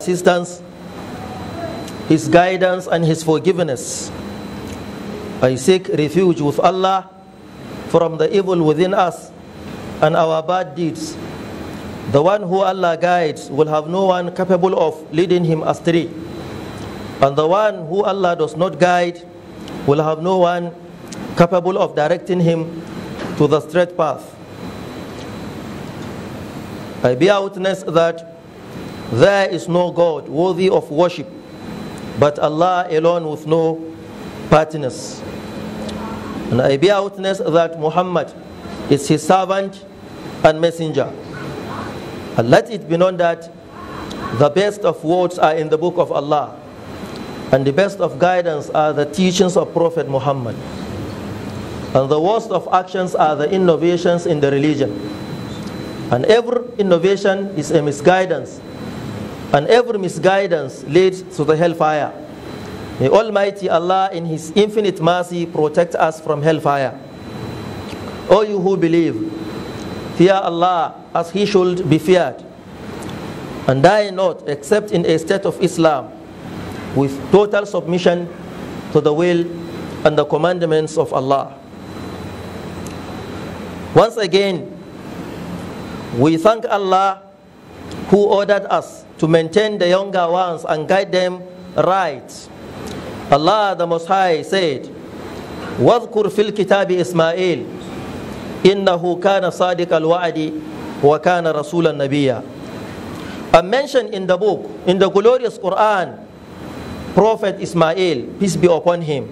assistance, His guidance, and His forgiveness. I seek refuge with Allah from the evil within us and our bad deeds. The one who Allah guides will have no one capable of leading him astray. And the one who Allah does not guide will have no one capable of directing him to the straight path. I bear witness that there is no God worthy of worship but Allah alone with no partners. And I bear witness that Muhammad is his servant and messenger. And let it be known that the best of words are in the book of Allah, and the best of guidance are the teachings of Prophet Muhammad. And the worst of actions are the innovations in the religion. And every innovation is a misguidance and every misguidance leads to the hellfire. May Almighty Allah in His infinite mercy protect us from hellfire. O you who believe, fear Allah as He should be feared, and die not except in a state of Islam, with total submission to the will and the commandments of Allah. Once again, we thank Allah who ordered us to maintain the younger ones and guide them right. Allah the Most High said, واذكر في الكتاب إسماعيل إنه كان صادق الوعد وكان رسول النبي I mentioned in the book, in the glorious Quran, Prophet Ismail, peace be upon him.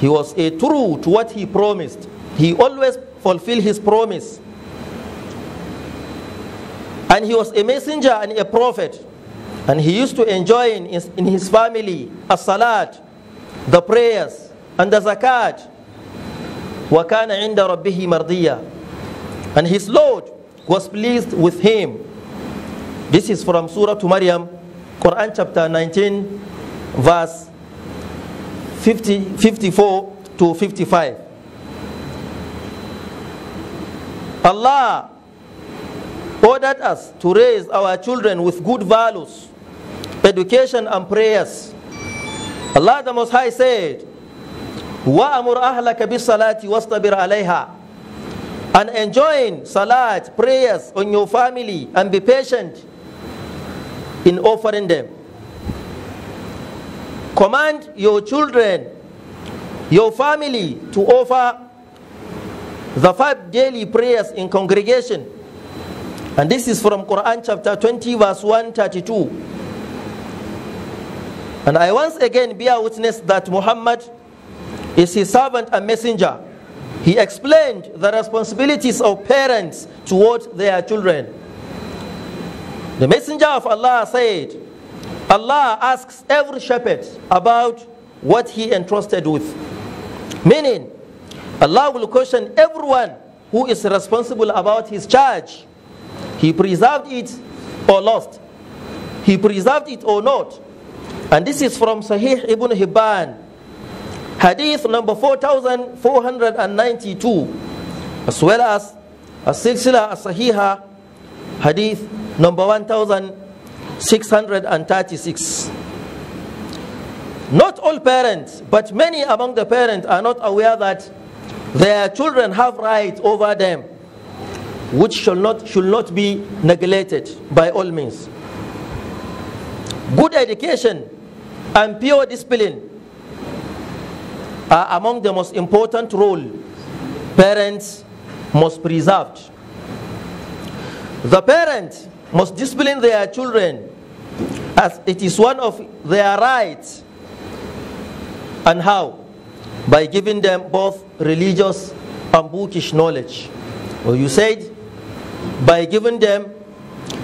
He was a true to what he promised. He always fulfilled his promise. And he was a messenger and a prophet. And he used to enjoy in his, in his family as salat, the prayers, and the zakat. وَكَانَ عِنْدَ رَبِّهِ مَرْضِيًّا And his Lord was pleased with him. This is from Surah to Maryam, Quran chapter 19, verse 50, 54 to 55. Allah ordered us to raise our children with good values, education and prayers. Allah the Most High said, وَأَمُرْ أَهْلَكَ بِالصَّلَاةِ وَاسْتَبِرْ عَلَيْهَا And enjoin salat, prayers on your family and be patient in offering them. Command your children, your family to offer the five daily prayers in congregation and this is from Quran chapter 20, verse 132. And I once again bear witness that Muhammad is his servant and messenger. He explained the responsibilities of parents towards their children. The messenger of Allah said, Allah asks every shepherd about what he entrusted with. Meaning, Allah will question everyone who is responsible about his charge he preserved it or lost. He preserved it or not. And this is from Sahih Ibn Hibban. Hadith number 4492. As well as As-Silsila As-Sahiha Hadith number 1636. Not all parents, but many among the parents are not aware that their children have rights over them which shall not, should not be neglected by all means. Good education and pure discipline are among the most important role parents must preserve. The parents must discipline their children as it is one of their rights. And how? By giving them both religious and bookish knowledge. Well, you said by giving them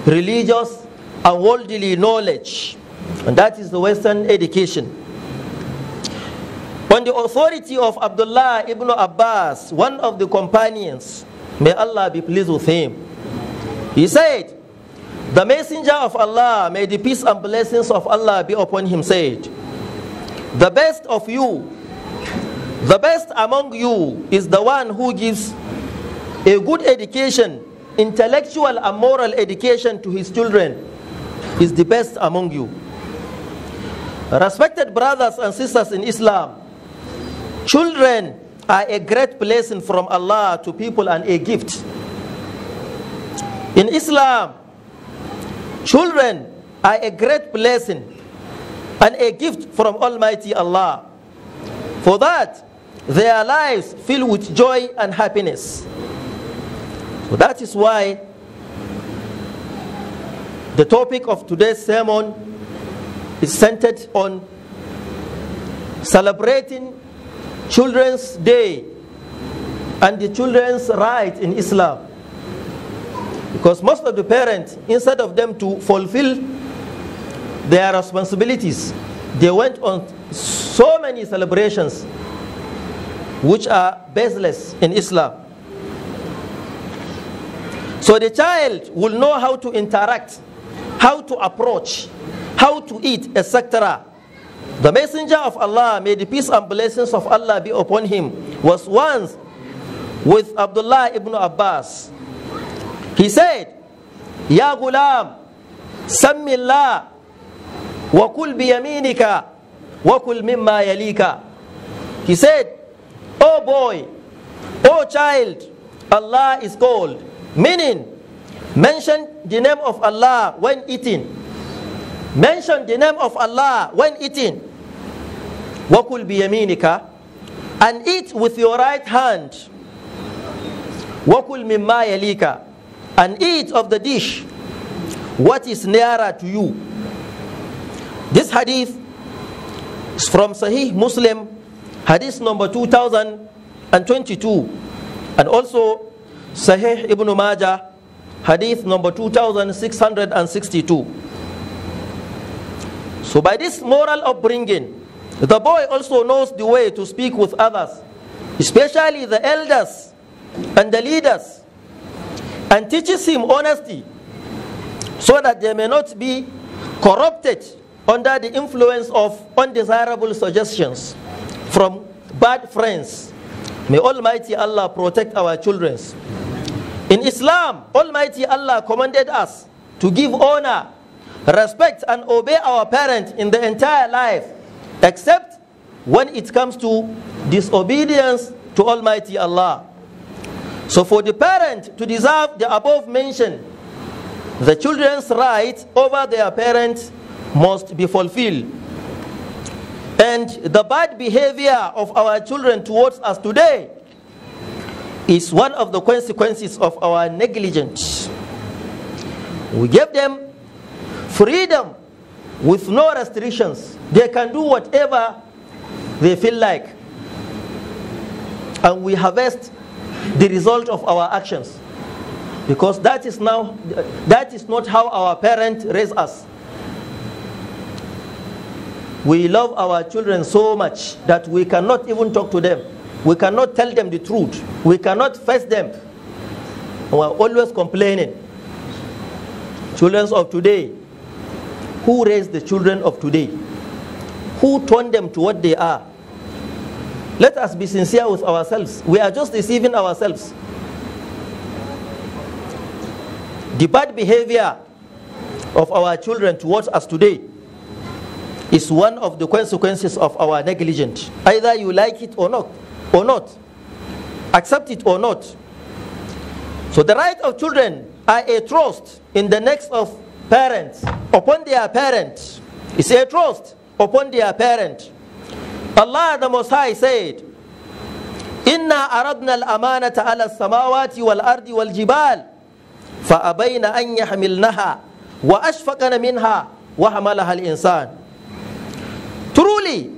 religious and worldly knowledge. And that is the Western education. When the authority of Abdullah ibn Abbas, one of the companions, may Allah be pleased with him, he said, The messenger of Allah, may the peace and blessings of Allah be upon him, said, The best of you, the best among you is the one who gives a good education intellectual and moral education to his children is the best among you. Respected brothers and sisters in Islam, children are a great blessing from Allah to people and a gift. In Islam, children are a great blessing and a gift from Almighty Allah. For that, their lives fill with joy and happiness. So that is why the topic of today's sermon is centered on celebrating Children's Day and the children's right in Islam. Because most of the parents, instead of them to fulfill their responsibilities, they went on so many celebrations which are baseless in Islam. So the child will know how to interact, how to approach, how to eat, etc. The messenger of Allah, may the peace and blessings of Allah be upon him, was once with Abdullah ibn Abbas. He said, Ya gulam, sammi Allah, wa kul biyaminika, wa kul mimma yalika. He said, Oh boy, oh child, Allah is called Meaning, mention the name of Allah when eating. Mention the name of Allah when eating. وَكُلْ بِيَمِينِكَ And eat with your right hand. وَكُلْ مِمَّا يَلِيكَ And eat of the dish what is nearer to you. This hadith is from Sahih Muslim, hadith number 2022, and also Sahih Ibn Majah, hadith number 2662. So, by this moral upbringing, the boy also knows the way to speak with others, especially the elders and the leaders, and teaches him honesty so that they may not be corrupted under the influence of undesirable suggestions from bad friends. May Almighty Allah protect our children. In Islam, Almighty Allah commanded us to give honor, respect, and obey our parents in the entire life, except when it comes to disobedience to Almighty Allah. So, for the parent to deserve the above mention, the children's right over their parents must be fulfilled. And the bad behavior of our children towards us today is one of the consequences of our negligence. We gave them freedom with no restrictions. They can do whatever they feel like. And we harvest the result of our actions. Because that is now that is not how our parents raised us. We love our children so much that we cannot even talk to them. We cannot tell them the truth. We cannot face them. We are always complaining. Children of today, who raised the children of today? Who turned them to what they are? Let us be sincere with ourselves. We are just deceiving ourselves. The bad behavior of our children towards us today is one of the consequences of our negligence. Either you like it or not. or not, accept it or not. So the rights of children are a trust in the necks of parents upon their parents. It's a trust upon their parent. Allah the Most High said, Inna aradna al-amanata ala samawati wal ardi wal jibal wa أن minha wa hamalaha al-insan." Truly,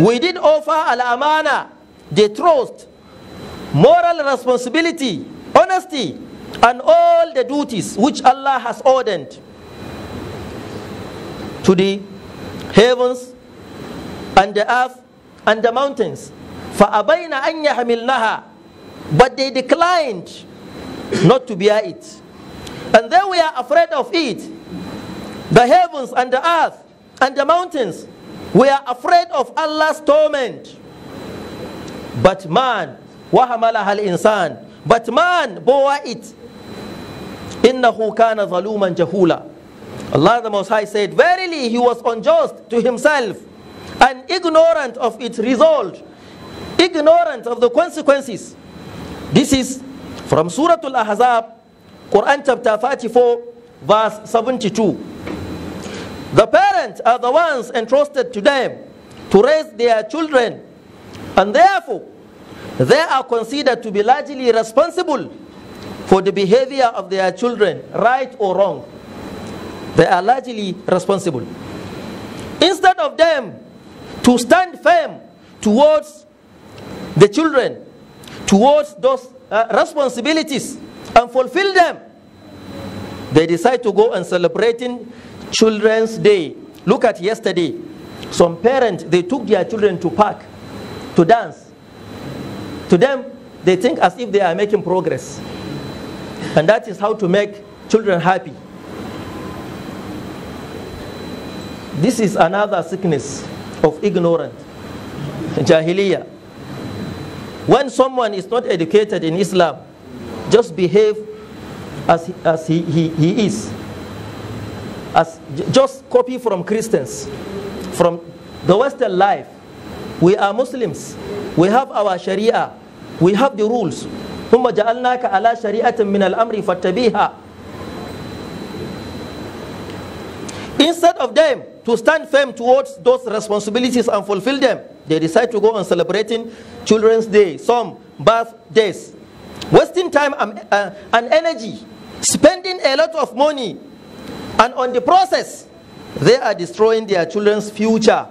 we did offer al-amana they trust, moral responsibility, honesty, and all the duties which Allah has ordained to the heavens and the earth and the mountains. فَأَبَيْنَ أَنْ يَحْمِلْنَهَا But they declined not to bear it. And they were afraid of it. The heavens and the earth and the mountains were afraid of Allah's torment. But man, وَحَمَلَهَا الْإِنسَانِ But man bore it. إِنَّهُ كَانَ ظَلُومًا جَهُولًا Allah the Most High said, Verily he was unjust to himself and ignorant of its result, ignorant of the consequences. This is from Surah Al-Ahzab, Quran chapter 34, verse 72. The parents are the ones entrusted to them to raise their children and therefore, they are considered to be largely responsible for the behavior of their children, right or wrong. They are largely responsible. Instead of them to stand firm towards the children, towards those uh, responsibilities, and fulfill them, they decide to go and celebrating Children's Day. Look at yesterday. Some parents, they took their children to park to dance. To them, they think as if they are making progress. And that is how to make children happy. This is another sickness of ignorance, jahiliyyah. When someone is not educated in Islam, just behave as, as he, he, he is. As, just copy from Christians, from the Western life. we are Muslims, we have our Sharia, we have the rules. ثم جعلناك على شريعة من الأمر فاتبيها. Instead of them to stand firm towards those responsibilities and fulfill them, they decide to go on celebrating Children's Day, some birthdays, wasting time and, uh, and energy, spending a lot of money, and on the process, they are destroying their children's future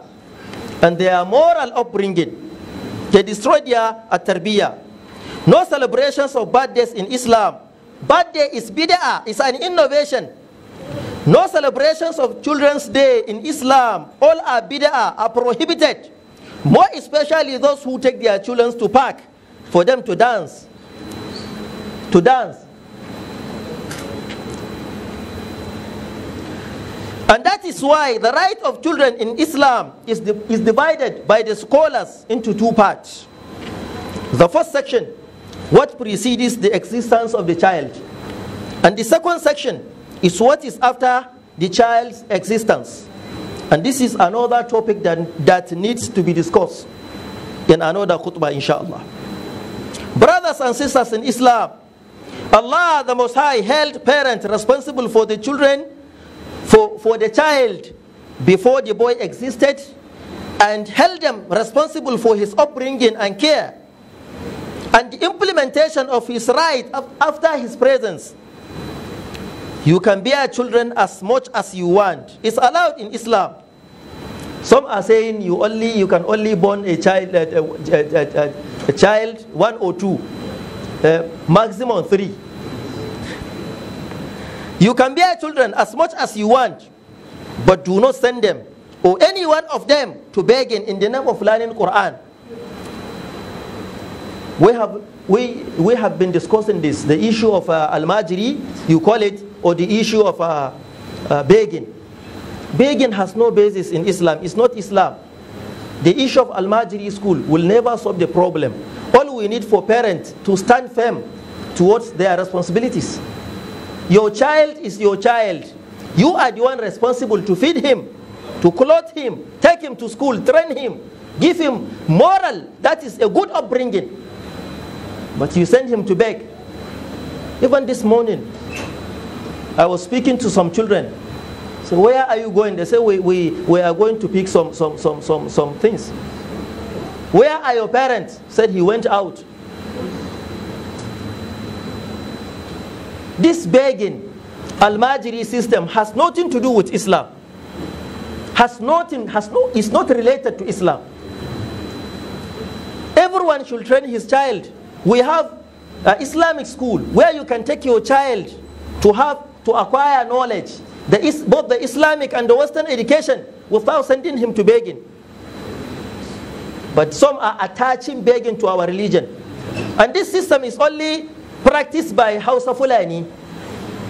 and their moral upbringing. They destroy their tarbiyah. No celebrations of birthdays in Islam. Birthday is bid'ah, it's an innovation. No celebrations of Children's Day in Islam. All are bid'ah, are prohibited. More especially those who take their children to park for them to dance. To dance. And that is why the right of children in Islam is, is divided by the scholars into two parts. The first section, what precedes the existence of the child. And the second section is what is after the child's existence. And this is another topic that, that needs to be discussed in another khutbah, inshallah. Brothers and sisters in Islam, Allah the Most High held parents responsible for the children for, for the child before the boy existed and held them responsible for his upbringing and care and the implementation of his right after his presence. You can bear children as much as you want. It's allowed in Islam. Some are saying you only you can only born a child a, a, a, a child one or two, uh, maximum three. You can bear children as much as you want, but do not send them or any one of them to begging in the name of learning Quran. We have, we, we have been discussing this, the issue of uh, al-majri, you call it, or the issue of uh, uh, begging. Begging has no basis in Islam. It's not Islam. The issue of al-majri school will never solve the problem. All we need for parents to stand firm towards their responsibilities. Your child is your child. You are the one responsible to feed him, to clothe him, take him to school, train him, give him moral. That is a good upbringing. But you send him to beg. Even this morning, I was speaking to some children. So where are you going? They say we, we, we are going to pick some, some, some, some, some things. Where are your parents? Said he went out. this begging al-majiri system has nothing to do with Islam. Has nothing, has no, is not related to Islam. Everyone should train his child. We have an Islamic school where you can take your child to have to acquire knowledge, the is, both the Islamic and the Western education, without sending him to begging. But some are attaching begging to our religion. And this system is only practiced by House of Fulani.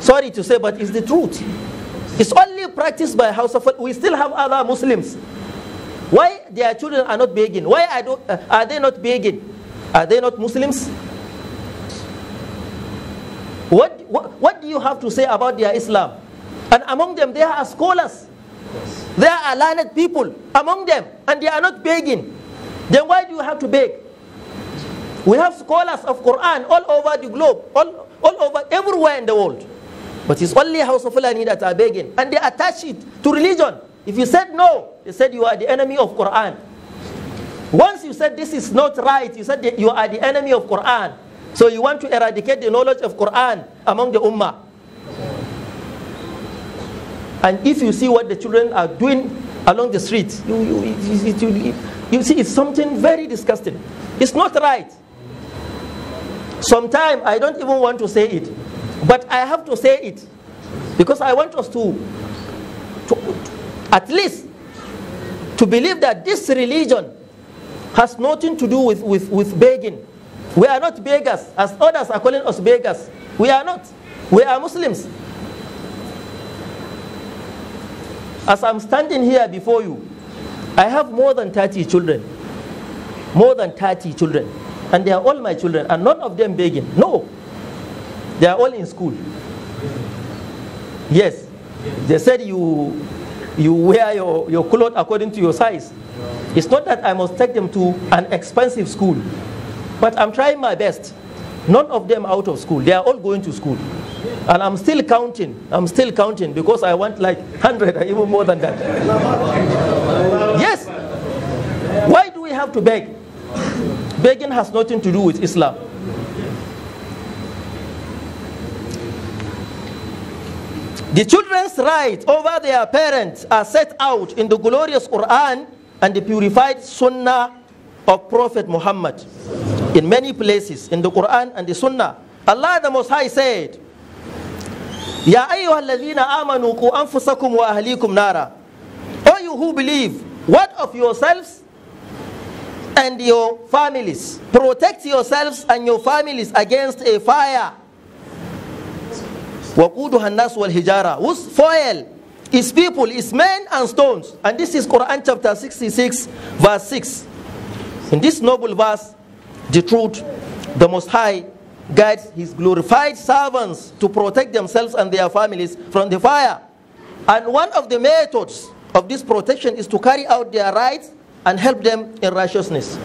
Sorry to say, but it's the truth. It's only practiced by House Fulani. We still have other Muslims. Why their children are not begging? Why are, do, uh, are they not begging? Are they not Muslims? What, what, what do you have to say about their Islam? And among them, there are scholars. Yes. There are learned people among them, and they are not begging. Then why do you have to beg? We have scholars of Quran all over the globe, all, all over, everywhere in the world. But it's only House of Fulani that are begging. And they attach it to religion. If you said no, they said you are the enemy of Quran. Once you said this is not right, you said that you are the enemy of Quran. So you want to eradicate the knowledge of Quran among the ummah. And if you see what the children are doing along the streets, you, you, you, you see it's something very disgusting. It's not right. Sometimes I don't even want to say it, but I have to say it because I want us to, to at least to believe that this religion has nothing to do with, with, with begging. We are not beggars, as others are calling us beggars. We are not. We are Muslims. As I'm standing here before you, I have more than 30 children. More than 30 children. And they are all my children, and none of them begging. No. They are all in school. Yes. They said you you wear your, your clothes according to your size. It's not that I must take them to an expensive school, but I'm trying my best. None of them out of school. They are all going to school. And I'm still counting. I'm still counting because I want like 100 or even more than that. yes. Why do we have to beg? begging has nothing to do with Islam. The children's rights over their parents are set out in the glorious Quran and the purified Sunnah of Prophet Muhammad. In many places in the Quran and the Sunnah, Allah the Most High said, Ya ayyuha alladhina amanu ku anfusakum wa ahlikum nara. O you who believe, what of yourselves and your families. Protect yourselves and your families against a fire. وَقُودُهَا النَّاسُ وَالْحِجَارَةُ Whose foil It's people, it's men and stones. And this is Quran chapter 66 verse 6. In this noble verse, the truth, the Most High guides his glorified servants to protect themselves and their families from the fire. And one of the methods of this protection is to carry out their rights and help them in righteousness.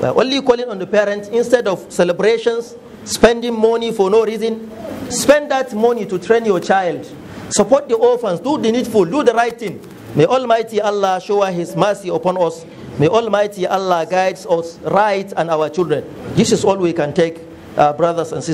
We're only calling on the parents instead of celebrations, spending money for no reason. Spend that money to train your child. Support the orphans, do the needful, do the right thing. May Almighty Allah shower His mercy upon us. May Almighty Allah guide us right and our children. This is all we can take, uh, brothers and sisters.